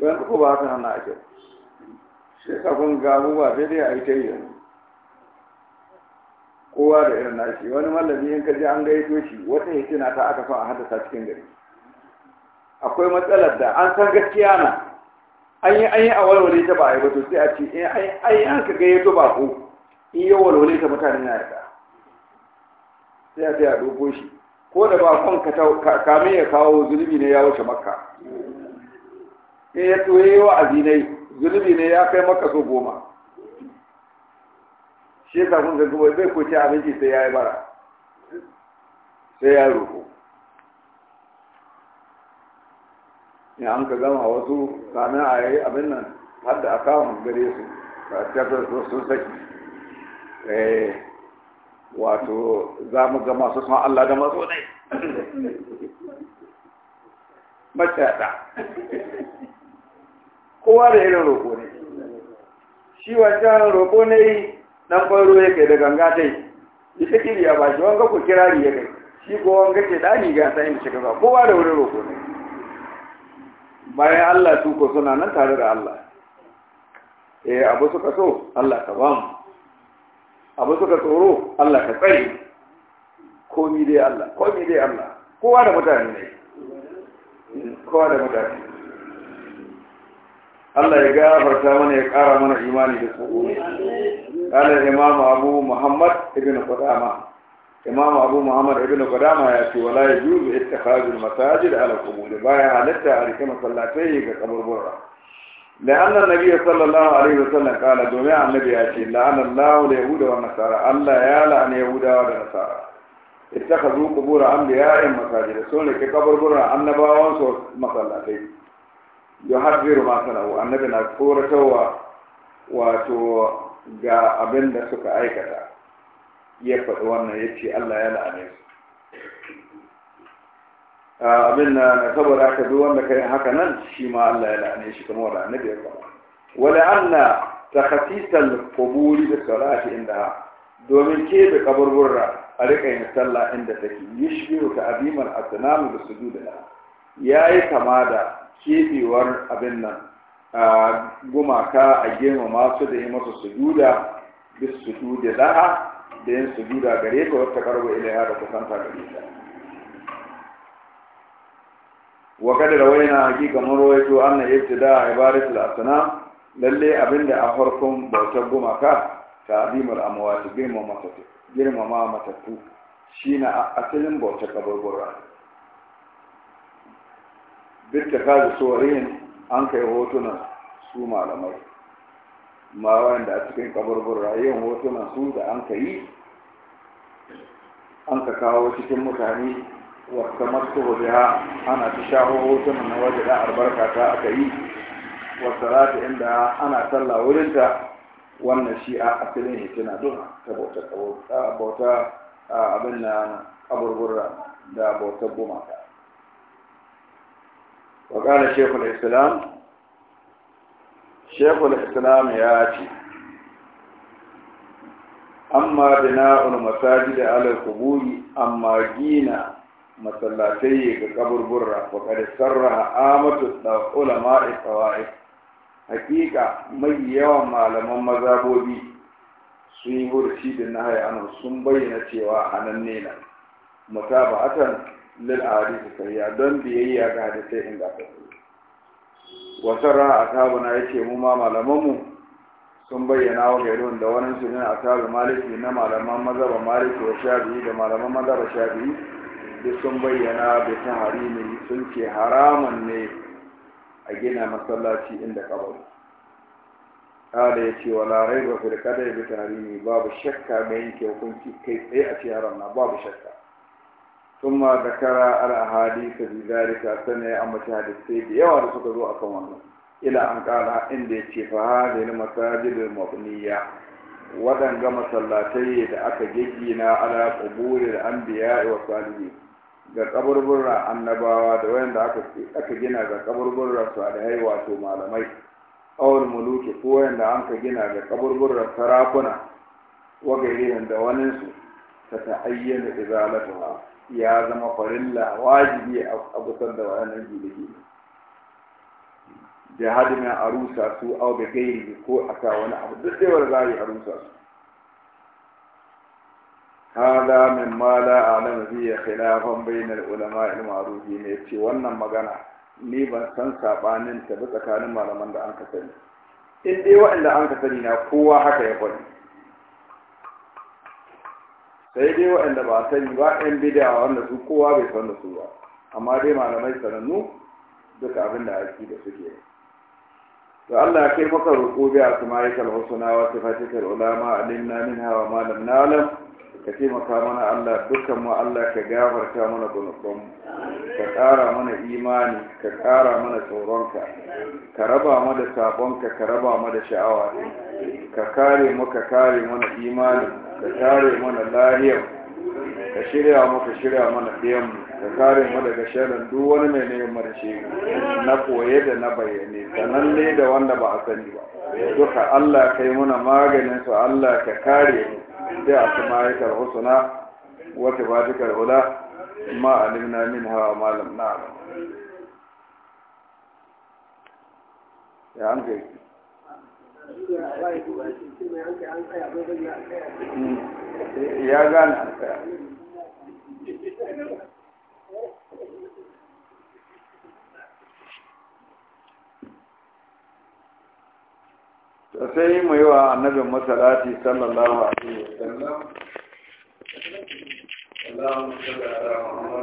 Wani ko ba haka nan na ake sai ka kun ga abubuwa sai dai a yi ta yi kowa da irin nashi wani mallami in ka je an gaito shi wata hitina ta aka fa a haddasa cikin gari akwai matsalar da an san gaskiya na an yi an yi a walwale ta ba a yi ba sai a ce eh, anyi an yi an ka gaye to ba ko in yi walwale ta mutane na yarda sai a sai a ɗauko shi ko da ba kon ka kamin ya kawo zunubi ne ya wuce makka in ya tsoye wa azinai zunubi ne ya kai makka so goma shi yasa kun ga gobe bai ko abinci sai ya yi bara sai ya roƙo in an ka gama wasu kamin a yi abin nan har da akawun gare su ba tafiyar sun saki eh, wato za mu gama su sun Allah da masu ne ko kowa da irin roƙo ne shi wancan roƙo ne dan ƙwaro ya kai da ganga ta yi ita kiriya ya bashi wanga ku kirari ya kai shi ko wanga ke dani ga in shiga ba kowa da wurin roƙo ne bayan Allah su ko suna nan tare da Allah eh abu suka so Allah ka bamu abu suka tsoro Allah ka tsare komi dai Allah komi dai Allah kowa da mutane ne kowa da mutane Allah ya gafarta mana ya ƙara mana imani da tsoro قال imamu Abu Muhammad ibn قدامة Imam abu muhammad Ibnu qadama ya ce wala ya juzu ittikhazul masajid ala qubur baya halatta a rike masallatai ga kaburbura da annan nabi sallallahu alaihi wasallam kala domin annabi ya ce la'ana allahu da wa nasara allah ya la'ana yahudawa da nasara ittakhazu qubur anbiya'in masajid so ne ke kaburbura annabawan su masallatai yuhadziru ma sanau annabi na tsoratawa wato ga abinda suka aikata ya faɗi wannan ya ce Allah ya la'ane su abin na saboda haka bi wanda kai haka nan shi ma Allah ya la'ane shi kuma wala annabi ya faɗa wala anna takhatisal quburi da salati inda domin kebe kaburburra a rika yin sallah inda take yushbihu ka abiman asnamu da sujudina yayi kama da kebewar abin nan gumaka a girmama masu da yi masa sujuda bis sujudi laha da yin sujuda gare ta wata karbo ilaiha da kusanta gare ta wa kada rawaina hakika mun rawaito anna ibtida ibadatul asnam lalle abinda a farkon bautar gumaka ta'zimul amwat girma matattu shi matattu shine asalin bautar kaburbura bitta kazu suwarin an kai hotunan su malamai ma wanda a cikin kaburbura yin hotunan su da an ka yi an ka kawo cikin mutane wata masu biha ana ta shaho hotunan na waje da albarka ta aka yi wata ta inda ana sallah wurinta wannan shi a asalin hitina duka ta bauta abin na kaburbura da bautar gumaka وقال شيخ الإسلام shekul islam ya ce amma bina'ul masajid ala kuburi amma gina masallatai ga kaburburra wa kada sarraha amatu da ulama qawaid hakika mai yawan malaman mazabobi sun yi hurci da na anu sun bayyana cewa hananne na mutaba'atan lil ahadith sahiha don biyayya ga hadisai inda wata raha a tabuna ya ce mu ma malamanmu sun bayyana wa gari da wani su ne a tabi maliki na malaman mazaba maliki wa shabi da malaman mazaba shabi duk sun bayyana da ta harimi sun ce haramun ne a gina masallaci inda kabar kada ya ce wa larai ba kada ya bi ta harimi babu shakka ga yanke hukunci kai tsaye a ce haram na babu shakka ثم ذكر الاحاديث في ذلك سنة اما شهادة سيد يوى رسول الله أكوانا الى ان قال إن فهذه المساجد المبنية ودن قم صلاتي اكا جينا على قبور الانبياء والصالحين ga kaburburra annabawa da wayanda aka aka gina ga kaburburra salihai wato malamai awul muluki ko wayanda an ka gina ga kaburburra sarakuna wa gairihin da waninsu ta ayyana izalatuha ya zama farilla wajibi a gusar da waɗannan gidage jihadi na a rusa su au da gairi ko a sa wani abu duk da za a yi a rusa su hada min ma alam bi khilafan bainal ulama al ne yace wannan magana ni ban san sabanin ta ba tsakanin malaman da an ka sani in dai wa'anda an ka sani na kowa haka ya faɗi sai dai waɗanda ba sani ba ɗan bida wanda su kowa bai san da su ba amma dai malamai sanannu duk abin da aiki da suke to Allah kai maka roƙo bi asma'ikal husna wa sifatikal ulama na minha wa malam na'lam ka taimaka mana Allah dukkan mu Allah ka gafarta mana gunubanmu ka ƙara mana imani ka ƙara mana tsoronka ka raba mu da sabonka ka raba mu da sha'awa ka kare mu ka kare mana imani ka kare mana lahiyar ka shirya mu shirya mana ɗiyanmu ka kare mu daga shirin duk wani mai neman shi na koye da na bayyane ne da wanda ba a sani ba duka Allah ka yi muna maganin su Allah ka kare mu sai a su ma'aikar husuna wata batikar ma alimna min hawa malam na ya an kai ya gane ta sai mu yi wa annabin masalati sallallahu alaihi wasallam